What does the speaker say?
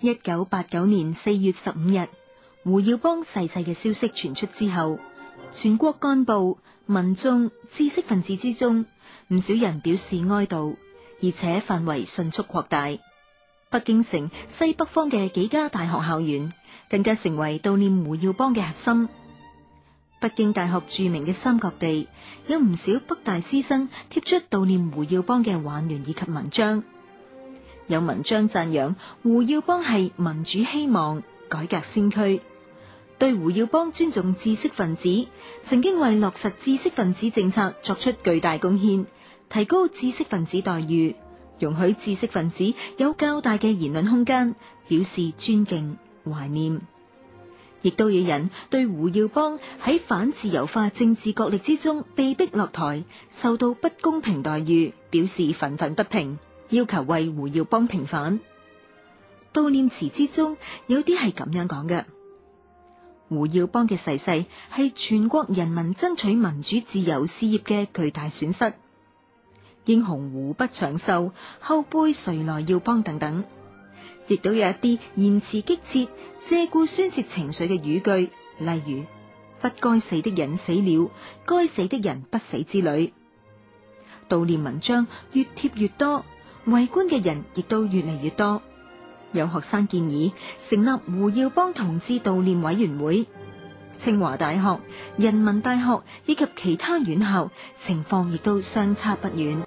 一九八九年四月十五日，胡耀邦逝世嘅消息傳出之後，全國幹部、民眾、知識分子之中，唔少人表示哀悼，而且範圍迅速擴大。北京城西北方嘅幾家大學校園，更加成為悼念胡耀邦嘅核心。北京大學著名嘅三角地，有唔少北大師生貼出悼念胡耀邦嘅挽聯以及文章。有文章讚揚胡耀邦係民主希望、改革先驅，對胡耀邦尊重知識分子，曾經為落實知識分子政策作出巨大貢獻，提高知識分子待遇，容許知識分子有較大嘅言論空間，表示尊敬懷念。亦都有人對胡耀邦喺反自由化政治角力之中被逼落台，受到不公平待遇，表示憤憤不平。要求為胡耀邦平反，悼念詞之中有啲係咁樣講嘅：胡耀邦嘅逝世係全國人民爭取民主自由事業嘅巨大損失，英雄胡不長壽，後輩誰來耀邦？等等，亦都有一啲言辭激切、借故宣泄情緒嘅語句，例如不該死的人死了，該死的人不死之類。」悼念文章越貼越多。圍觀嘅人亦都越嚟越多，有學生建議成立胡耀邦同志悼念委員會。清華大學、人民大學以及其他院校情況亦都相差不遠。